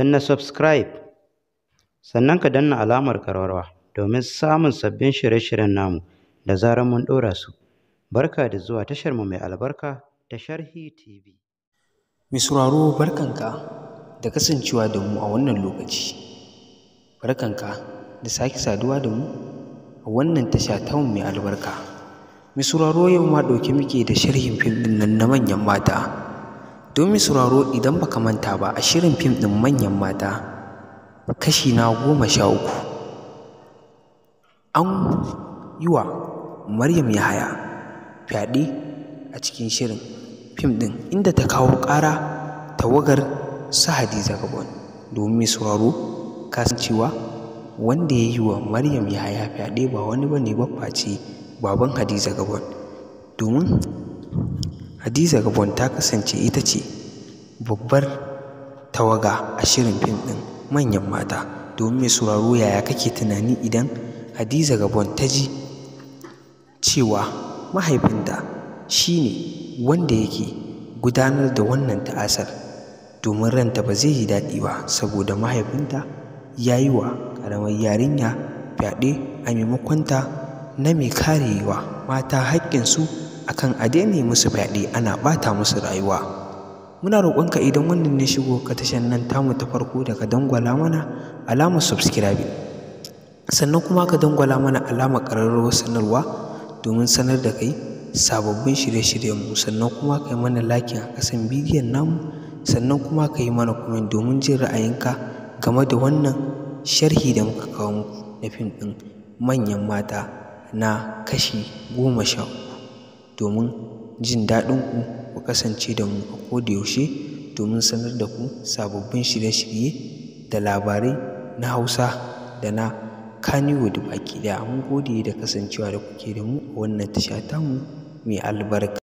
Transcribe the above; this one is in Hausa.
na subscribe sannan ka danna alamar karwarwa domin samun sabbin shirye-shiryen namu da zarar mun ɗora su barka da zuwa tashar mu mai albarka ta sharhi tv mai sauraro barkanka da kasancewa da mu a wannan lokaci barkanka da sake saduwa da mu a wannan tasha ta mai albarka mai sauraro yau ma ɗauke muke da sharhin fim ɗin na manyan mata domin sauraro idan baka manta ba a shirin fim ɗin manyan mata kashi na goma sha uku an yi wa maryam yahaya fyaɗe a cikin shirin fim ɗin inda ta kawo ƙara tawagar su hadiza gabon domin sauraro kasancewa wanda ya yi wa maryam yahaya fyaɗe ba wani ne ba face baban hadiza gabon domin Hadiza Gabon ta kasance ita ce babbar tawaga a shirin fim ɗin manyan mata domin mai sauraro yaya kake tunani idan Hadiza Gabon ta ji cewa mahaifinta shi ne wanda yake gudanar da wannan ta'asar domin ranta ba zai yi daɗi ba saboda mahaifinta ya yi wa ƙaramar yarinya fyaɗe a maimakonta na mai karewa mata haƙƙinsu akan a daina musu fyaɗe ana ɓata musu rayuwa muna roƙonka idan wannan ne shigo ka tashan nan tamu ta farko daga dangwala mana alamar subscribe sannan kuma ka dangwala mana alamar ƙararrawar sanarwa domin sanar da kai sababbin shirye-shiryenmu sannan kuma ka yi mana lakin a kasan bidiyon namu sannan kuma ka yi mana kuma domin jin ra'ayinka game da wannan sharhi da muka kawo muku na fim ɗin manyan mata na kashi goma sha domin jin daɗinku ku kasance da mu a yaushe domin sanar da ku sababbin shirye-shirye da labarai na Hausa da na Kannywood baki ɗaya. Mun gode da kasancewa da kuke da mu a wannan tasha tamu mai albarka.